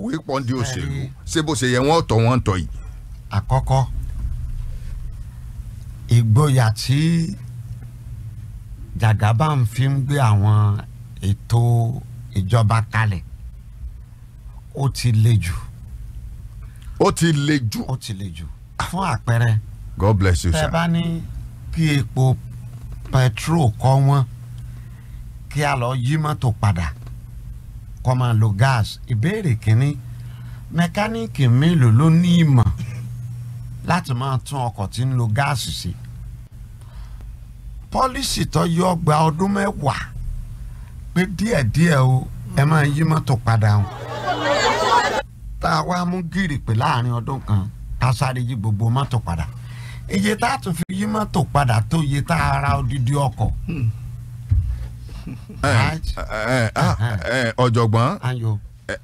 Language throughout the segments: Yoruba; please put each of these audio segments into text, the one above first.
kòwé pọ́ndé òṣèlú ṣé bó ṣe yẹ wọ́n tọ̀ wọ́n tọ̀ yìí. àkọ́kọ́ ìgboyà tí Jagaban fi ń gbé àwọn ètò ìjọba kalẹ̀ ó ti le jù. ó ti le jù. ó ti le jù. fún àpẹẹrẹ. God bless you sir. tẹ́ bá ní kí epo pẹtrol kọ́ wọ́n kí a lọ yí mọ́tò padà kó máa lo gas ìbéèrè kínní mẹkáníìkì mélòó ló ní ìmọ̀ láti máa tún ọkọ̀ tí ń lo gáàsì sí pọ́lísì tó yọ ọgbà ọdún mẹ́wàá pé díẹ̀díẹ̀ o ẹ máa yí mọ́tò padà o tá a wá mú gírì pé láàrin ọdún kan ká sáré yí gbogbo mọ́tò padà iye tá a tún fi yí mọ́tò padà tó iye tá a ra odidi ọkọ̀. Hmm ọ̀jọ̀gbọ́n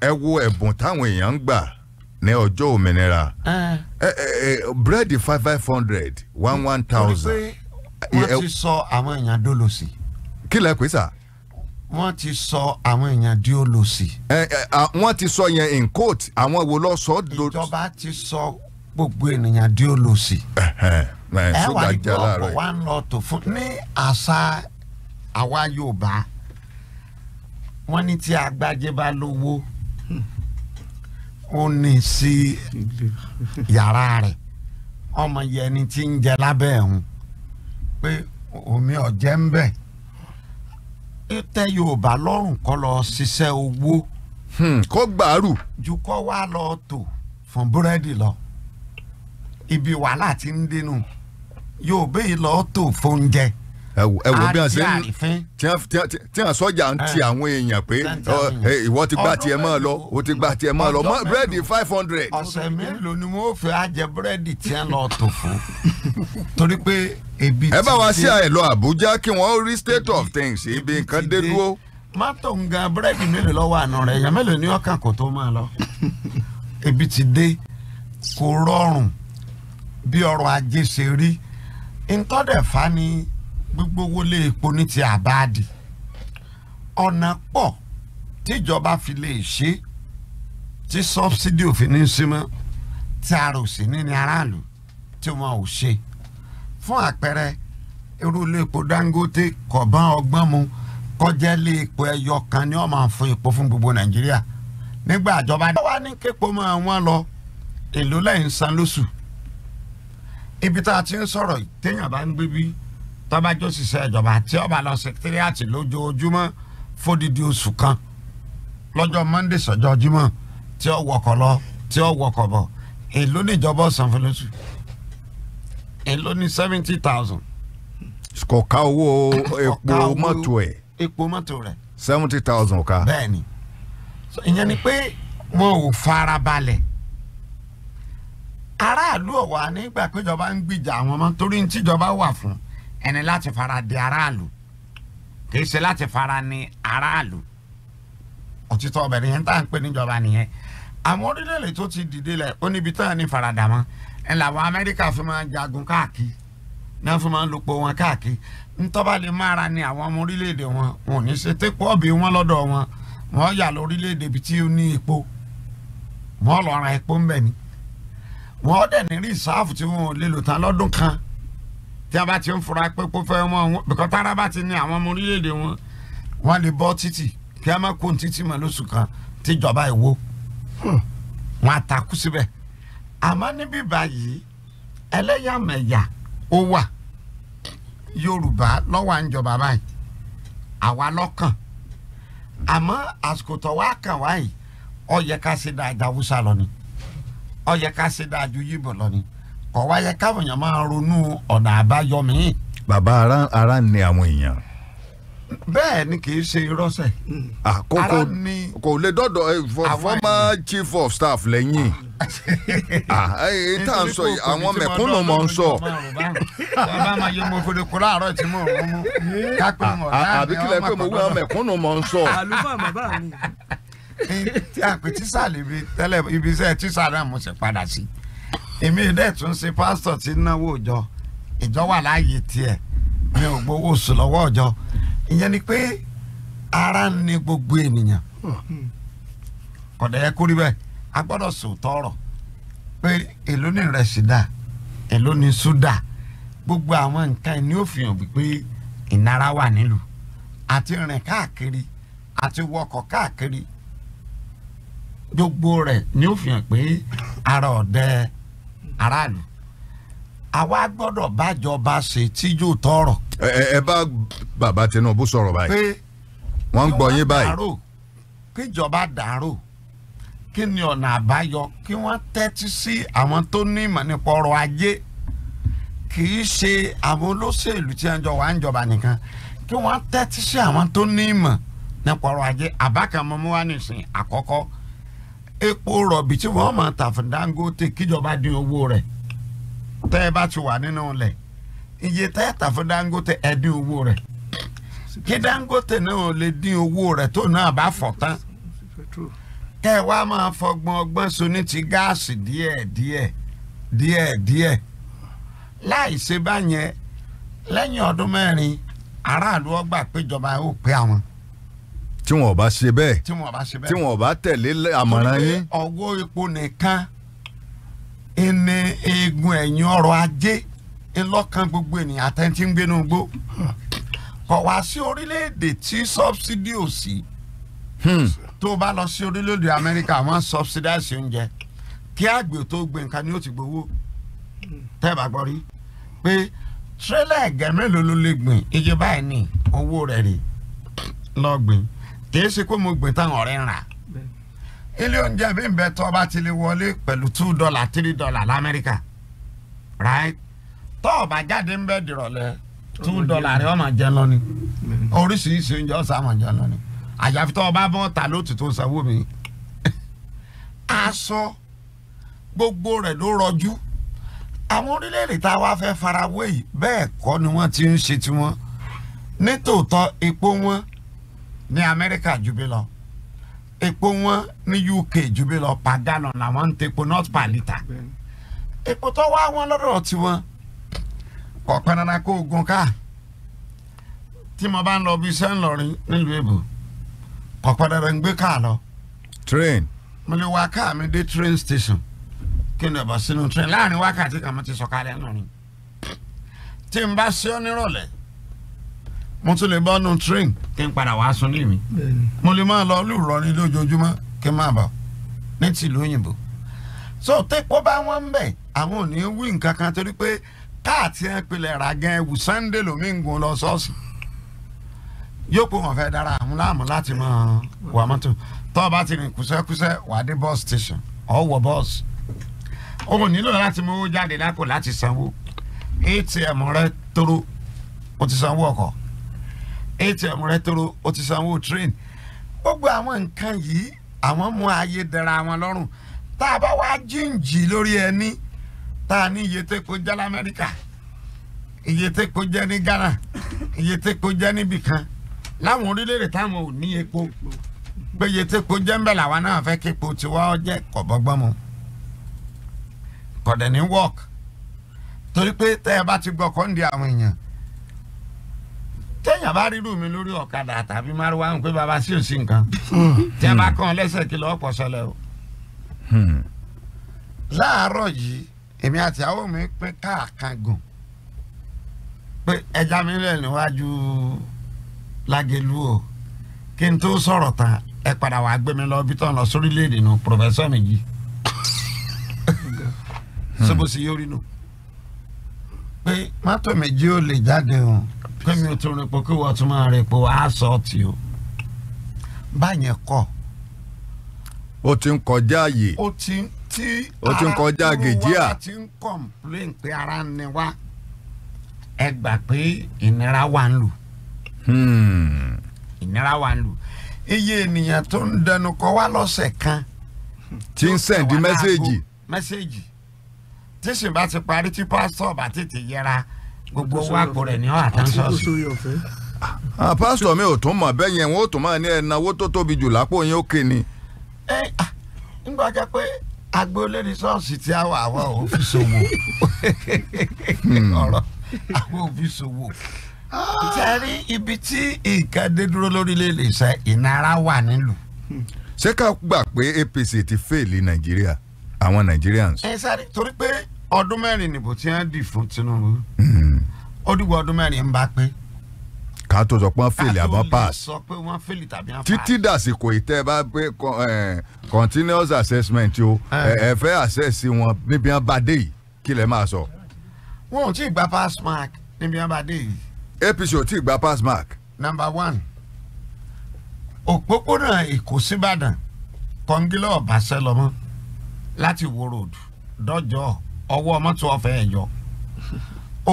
ẹ wo ẹ̀bùn táwọn èèyàn ń gbà ní ọjọ́ òmìnira búrẹ́dì five five hundred one one thousand. wọ́n ti sọ àwọn èèyàn dólòsì. kí lẹ pè sà. wọ́n ti sọ àwọn èèyàn di olòsì. wọ́n ti sọ yẹn in court àwọn wo lọ sọ. ìjọba ti sọ gbogbo ènìyàn di olòsì. ẹ wà ní gbọ́ ọ̀pọ̀ wa ń lọ tó fún ní àṣà àwa Yorùbá wọ́n ní tí agbájé bá lówó ó ní sí yàrá rẹ̀ ọmọ yẹn ni tí ń jẹ lábẹ́ ẹ̀hún pé omi ọ̀jẹ̀ ń bẹ tẹ Yorùbá lọ́rùn kọ́ lọ ṣiṣẹ́ owó. Hmm, kó gbàrú. ju kọ́ wá lọ tò fún búrẹ́dì lọ ibi wàhálà ti ń dínú Yorùbá yìí lọ tò fóúnjẹ ẹ wò bí wọn ṣe tí wọn sọjà ń ti àwọn èèyàn pé ìwọ ti gba tiẹ̀ mọ́ lọ o ti gba tiẹ̀ mọ́ lọ búrẹ́dì five hundred. ọ̀sẹ̀ mélòó ni wọ́n fẹ́ àjẹ búrẹ́dì tí wọ́n lọ tó fún torí pé ebi ti dé. ẹ bá wa ṣe àìlọ Àbújá kí wọ́n rí state of things ibi nǹkan dé dúró. mọ́tò ń ga búrẹ́dì mélòó lọ́wọ́ àná rẹ̀ èèyàn mélòó ni ọkàn kò tó máa lọ ebi ti dé kò rọrùn bí ọrọ̀ ajé ṣe rí ntọ́dẹ̀fà ni gbígbówó lé epo ní ti àbáàdì ọ̀nà pọ̀ tíjọba fi lè ṣe tí sọ́bsidì òfin ní símọ́ tí ara òsì ní ní aráàlú tí wọn ò ṣe fún àpẹẹrẹ irú ilé epo Dangote kọ̀ọ̀bán ọgbọ́n mu kọjá ilé epo ẹyọ kan ni wọ́n máa fún epo fún gbogbo Nàìjíríà nígbà àjọba wá ní képo máa wọ́n lọ èlò lẹ́yìn san lóṣù ibi tá a ti ń sọ̀rọ̀ téèyàn bá ń gbé bíi tọ́ba jó ṣiṣẹ́ ìjọba tí ọba lọ sẹkítẹ́rìàtì lójoojúmọ́ fódìdí oṣù kan lọ́jọ́ monday sọ́jọ́ jímọ̀ tí ó wọkọ̀ lọ tí ó wọkọ̀ bọ̀ èló níjọba ọ̀sán fún lóṣù èló ní seventy thousand. kọ̀ọ̀ká owó epo mọ́tò ẹ̀. epo mọ́tò rẹ̀. seventy thousand ká. bẹ́ẹ̀ni ìyẹn ni pé wọn ò farabalẹ̀ aráàlú ọ̀wà nígbà péjọba ń gbìjà àwọn ọmọ torí ní tíjọba wà fún un Eni lati fara di alu kì í ṣe láti fara ni alu òtítọ́ ọbẹ̀rẹ̀ yẹn tá à ń pè níjọba nìyẹn àwọn orílẹ̀-èdè tó ti dìde lẹ̀ ó níbi tá à ní mọ́ ẹ̀ làwọn fi máa jagun káàkiri náà fi máa ń lòpọ̀ wọn káàkiri ntọ́ba lè ni àwọn ọmọ orílẹ̀-èdè wọn wọn ò ní ṣe tẹ́pọ̀ ọ̀bì wọn lọ́dọ̀ wọn wọn yà lọ orílẹ̀-èdè tí epo wọn lọ epo ńbẹ ni wọn dẹ̀ ní rí kan tí a bá ti ń fura pé kó fẹ́ mọ́ wọn bìkọ́ tára bá ti ní àwọn ọmọ orílẹ̀-èdè wọn wọ́n lè bọ́ títì kí a má kó títì mọ́ lóṣù kan tíjọba ìwó hmm. wọn àtàkù síbẹ̀ àmọ́ níbí báyìí ẹlẹ́yàmẹ̀yà ó wà Yorùbá lọ́wọ́ à ń báyìí àwa lọ́kàn àmọ́ àsìkò tó wá kàn wáyìí ó yẹ dáadáa Haúsá lọ ni ó dáadáa Yíbò lọ ni kọ̀ wáyé káwọn èèyàn máa ronú ọ̀nà àbáyọ míì. bàbá ara ara ni àwọn èèyàn. bẹ́ẹ̀ ni kì í ṣe irọ́sẹ̀. àkókò kò lè dọ́dọ̀ eh, former chief of staff lẹ́yìn eh, eh, tá à ń sọ yìí àwọn mẹ̀kúnnù mọ̀ ń sọ. bàbá máa yẹ mo fòdè kúrò àárọ̀ tí mò ń mú. àbí kílẹ̀ pé mo wí àwọn mẹ̀kúnnù mọ̀ ń sọ. àlùfáà bàbá mi. tí a pè lè bi tẹ́lẹ̀ ibi iṣẹ́ tíṣà náà mo sì padà sí èmi dẹ̀ tún ṣe pásítọ̀ tí ń náwó ìjọ ìjọ wà láàyè tiẹ̀ mi ò gbowó oṣù lọ́wọ́ ìjọ ìyẹn ni pé ara ń ní gbogbo ènìyàn kọ̀dà yẹ kúrí bẹ́ẹ̀ a gbọ́dọ̀ sòótọ́ ọ̀rọ̀ pé èló ní ìrẹsì dà èló ní sódà gbogbo àwọn nǹkan ẹ̀ ní òfin òbí pé ìnara wà nílùú àti rìn káàkiri àti wọkọ̀ káàkiri gbogbo rẹ̀ ní òfin pé ara ọ̀dẹ́ ẹ̀ aráàlú àwa gbọ́dọ̀ bájọba ṣe tíjú tọrọ. ẹ ẹ bá bàbá Tinubu sọ̀rọ̀ báyìí wọ́n ń gbọ́ yín báyìí. kíjọba dàrú kí ni ọ̀nà àbáyọ kí wọ́n tẹ́tí sí àwọn tó ní ìmọ̀ nípa ọrọ̀ ajé kì í ṣe àwọn olóṣèlú tí wọ́n jọ ń jọba nìkan kí wọ́n tẹ́tí sí àwọn tó ní ìmọ̀ nípa ọrọ̀ ajé àbá kan nìsín àkọ́kọ́ epo rọ̀bì tí wọ́n máa tà fún Dangote kíjọba dín owó rẹ tẹ ẹ bá ti wà nínú ilẹ̀ iye tẹ ẹ tà fún Dangote ẹ dín owó rẹ kí Dangote náà lè dín owó rẹ tó náà bá fọ̀ tán kẹ́ ẹ wá máa fọgbọ́n ọgbọ́n so ní ti gáàsì díẹ díẹ díẹ̀ díẹ̀ láì ṣe báyẹn lẹ́yìn ọdún mẹ́rin aráàlú ọgbà péjọba ó pé àwọn. tí wọn ò bá ṣe bẹ́ẹ̀ tí wọn ò bá ṣe bẹ́ẹ̀ tí wọn ò bá tẹ̀lé àmọ̀ràn yín. ọwọ́ epo nìkan ẹni eegun ẹ̀yìn ọrọ̀ ajé ńlọ́kan gbogbo ènìyàn àtẹ̀ntì ń gbénu gbó kọ̀ wá sí orílẹ̀-èdè tí sọ́bsidì ò sí hmm. tó o bá lọ sí orílẹ̀-èdè Amẹ́ríkà wọ́n sọ́bsidáìsì oúnjẹ kí àgbẹ̀ tó gbé nǹkan ni ó ti gbowó tẹ́ gbọ́ rí pé tírélà ẹ̀gẹ́ mélòó ló lè gbìn iye báyìí ní owó rẹ̀ rè lọ́gbìn kì í ṣe pé mo gbé táwọn ọ̀rẹ́ rà ilé oúnjẹ mi ń bẹ tó ti lè wọlé pẹ̀lú two dollar three dollar lamẹ́ríkà right tó ọba jáde ń dìrọ̀lẹ́ two dollar rẹ ọmọ jẹ lọ́ni oríṣiríṣi oúnjẹ ọ̀sán ọmọ jẹ lọ́ni àyàfi tó ọba bọ́ ta lóòtù tó sanwó mi aṣọ gbogbo rẹ̀ ló rọjú àwọn orílẹ̀-èdè tá a wá fẹ́ farawé yìí bẹ́ẹ̀ kọ́ ni wọ́n ti ń ṣe tiwọn nítòótọ́ epo wọn ní amẹ́ríkà jù lọ epo wọn ní uk jù bí lọ per gallon làwọn ń tepo not per litre epo tó wá wọn lọ́dọ̀ tiwọn kọ̀ọ̀kan nana kó ogun ká tí mo bá ń lọ bí iṣẹ́ ńlọrin nílùú èbò kọ̀ọ̀kan dandan ń gbé káà lọ. train. mo lè wa káà mi dé train station kí ni ọ̀bọ̀ sínú train láàrin wákàtí kan mo ti sọ̀kalẹ̀ ńlọrin tí n bá ṣe ọ́ nírọ̀lẹ́ mo tún lè bá nu train kí n padà wá sunlé mi mo lè máa lọ lùrọ ní lójoojúmọ́ kí n máa bọ̀ ní tìlú òyìnbó so tẹ́pọ̀ bá wọ́n ń bẹ̀ àwọn ò ní wí nǹkan kan torí pé káàtì ẹ̀ pilẹ̀ ra gan ẹ̀wù sunday lomi ń gun lọ sọ́ọ̀sì yóò pé wọn fẹ́ dára àwọn láàmú láti mọ wà mọ́tò tó o bá ti rìn kúsẹ́kúsẹ́ wà dé bus station ọ̀ wọ bus o kò nílò láti mú owó jáde lápò láti sanwó atm rẹ tóró o ti sanwó ọkọ̀ atm rẹ toro o ti sanwó train gbogbo àwọn nǹkan yìí àwọn mú ayé dẹ̀ra wọn lọ́rùn tá a bá wá jíǹjì lórí ẹni tá a ní iye tẹ́ kó jẹ́ lamẹ́ríkà iye tẹ́ kó jẹ́ ní Ghana iye tẹ́ kó jẹ́ níbì kan láwọn orílẹ̀-èdè táwọn ò ní epo pé iye tẹ́ kó jẹ́ ń bẹ̀ làwọn náà fẹ́ kí epo tiwa jẹ́ kọ̀bọ́gbọ́n mu kọ̀dẹ̀ ní wọ́ọ̀kì torí pé tẹ́ ẹ bá ti gbọ́kọ́ ń di àwọn èèyàn téèyàn bá rí irú mi lórí ọ̀kadà tàbí márùwá ń pé baba sí òsì nǹkan tí a bá hmm. kàn lẹ́sẹ̀ kí lọ́ọ́ pọ̀ sọlẹ̀ o. Hmm. láàárọ̀ yìí èmi àti àwọn mi pín káàkan gùn pé ẹja mi lẹ̀ níwájú lágẹ̀lú o kí n tó sọ̀rọ̀ tán ẹ padà wàá gbé mi lọ bí tán lọ sórílẹ̀-èdè pòfẹ́sọ̀ mi yìí hmm. ṣé yóò rí nù pé mọ́tò méjì ò lè jáde o pé mi ò tún rin po kí wọ́n tún máa rin po á sọ ti o báyẹn kọ́. ó ti ń kọjá àyè. ó ti tí ó ti ń kọjá gèjìà. ara ti ń kọ̀m̀plẹ̀n pé ara ni wá ẹ gbà pé ìnira wà ń lù. Hmm. ìnira wà ń lù iye ènìyàn tó ń dẹnu kọ wá lọ́sẹ̀ kan. ti ń sẹ̀ndí mẹ́sẹ̀gì. mẹ́sẹ̀gì tí sì ti parí tí pásítọ̀ bá tètè yẹra. gbogbo owó àpò rẹ̀ ní ọ̀hún ṣọ́ọ̀ṣì. pásítọ̀ mi ò tún mọ̀ bẹ́ẹ̀ yẹn wọ́n ó tún máa ní ẹ̀náwó tó tóbi jù lápò yín ó ké ni. ẹ ah, nígbà jẹ pé agboolé ní ṣọ́ọ̀ṣì tí a wà àwọn ò fi ṣòwò hmm. ọ̀rọ̀ àwọn ò fi ṣòwò tẹ́rí ibi tí nǹkan dé dúró lórílẹ̀‐èdè ṣe ìnara wà nílùú. ṣé ká gbà pé APC ti fèèlì nàìjíríà àwọn Nigerians. ẹ sáré torí pé ọdún mẹ́rin nìbò tí wọ́n dì fún Tinubu. Mm. ó dìgbò ọdún mẹ́rin ń bá pé. ká tó sọ pé wọ́n fèlè àbọ̀ pass títí dàsìkò ìtẹ́ bá pé continuous assessment o ẹ fẹ́ access wọn níbi wọn bá dé yìí kí lẹ máa sọ. wọn ò tí ì gba pass mark níbi wọn bá dé yìí. APC ò tí ì gba pass mark. number one òpópónà Èkó síbàdàn kọ́ngílọ̀ ọ̀bàṣẹ́ lọ́mọ́ láti wo road dọ́jọ́ ọwọ́ mọ́tò ọ̀fẹ́ ẹ̀yọ́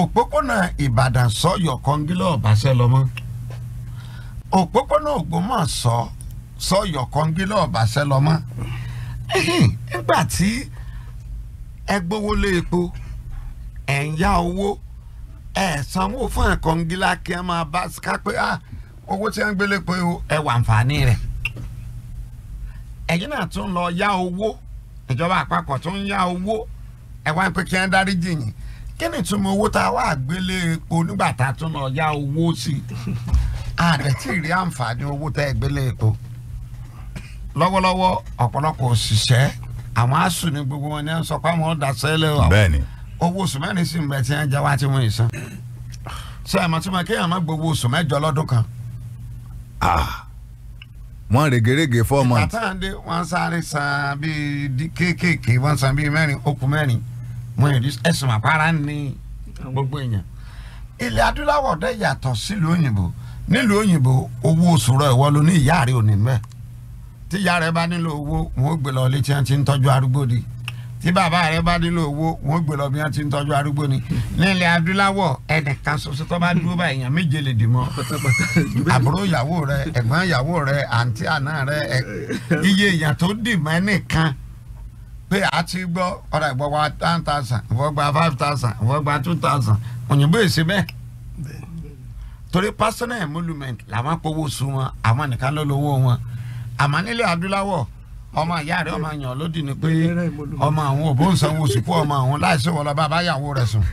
òpópónà ìbàdàn sọ́yọ̀ kọ́ngílọ̀ ọ̀bàṣẹ́ lọ́mọ́ òpópónà ògbómọ̀ṣọ́ sọ kọ́ngílọ̀ ọ̀bàṣẹ́ lọ́mọ́ nígbà tí ẹ gbówó lé epo ẹ̀ ń yá owó ẹ̀ sanwó fún àkọ́ngílá kí ẹ máa bá pé ah owó tí wọ́n ń gbélé pé ẹ wà àǹfààní rẹ̀ ẹ̀yin náà tún lọ yá owó ìjọba àpapọ̀ tún yá owó ẹ wá ń pè kí wọ́n dárí jìyìn kí ni ìtumọ̀ owó tá a wá gbélé epo nígbà tá a tún lọ yá owó sí i àdẹ̀tí rí àǹfààní owó tá a gbélé epo lọ́wọ́lọ́wọ́ ọ̀pọ̀lọpọ̀ òṣìṣẹ́ àwọn asùn ní gbogbo wọn ní à ń sọ pé àwọn ọ̀dà sẹ́lẹ̀ o owó oṣù mẹ́rin sì ń bẹ tí wọ́n jẹ́ wá tí wọ́n yìí san ṣé àmọ́ tí mo kéèyàn má gbowó oṣù mẹ́jọ lọ́dún kan. wọ́n règèrègè four àtàndé wọ́n sáré san bíi kéékèèké wọ́n san bíi mẹ́rin ó mẹ́rin mo yẹ ẹsùn àpárá ní gbogbo èèyàn ilẹ̀ adúláwọ̀ dẹ̀ yàtọ̀ sílùú òyìnbó nílùú òyìnbó owó oṣù rẹ̀ ìwọ ló ní ìyá rẹ̀ ò ní mẹ́ tí ìyá rẹ̀ bá nílò owó wọn ó gbé lọ ilé tí wọ́n ti ń tọ́jú arúgbó di tí bàbá rẹ̀ bá nílò owó wọn ó gbé lọ bí wọ́n ti ń tọ́jú arúgbó ni nílẹ̀ adúláwọ̀ ẹnìkan ṣoṣo tó bá dúró bá èèyàn méje lè dì mọ́ àbúrò ìyàwó rẹ̀ ẹ̀gbọ́n ìyàwó pé a ti gbọ́ ọ̀rọ̀ ìwọ ten thousand ìwọ five thousand ìwọ two thousand òyìnbó èsì bẹ́ẹ̀ torí personal emolument làwọn pọwọ́ oṣù wọn àwọn nìkan ló lówó wọn àmọ́ nílẹ̀ adúláwọ̀ ọmọ ìyá rẹ̀ ọmọ yàn lódì ni pé ọmọ àwọn òbó ń sanwó sùkú ọmọ àwọn láìsí wọlọ bàbá yàwó rẹ̀ sùn.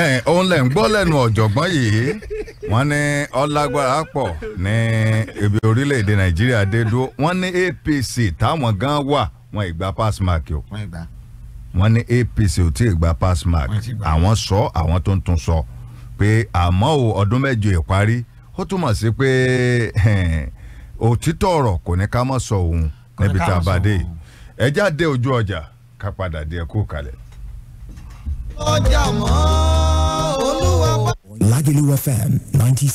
ẹ òun lẹ̀ ń gbọ́ lẹ́nu ọ̀jọ̀gbọ́n yìí wọ́n ní ọlágbára pọ̀ ní ibi orílẹ̀ nàìjíríà dé dúró wọ́n ní APC táwọn gan wà wọn ìgbà pass mark o wọn ní APC ò tí ì gba pass mark àwọn sọ àwọn tó ń tún sọ pé àmọ́ o ọdún mẹ́jọ ìparí ó túmọ̀ sí pé òtítọ́ ọ̀rọ̀ kò ní ká mọ̀ sọ òun níbi tá a bá dé ẹ jáde ojú ọjà ká padà dé ẹ kú kalẹ̀. ọjà mọ́ olúwa. Lagelu FM ninety.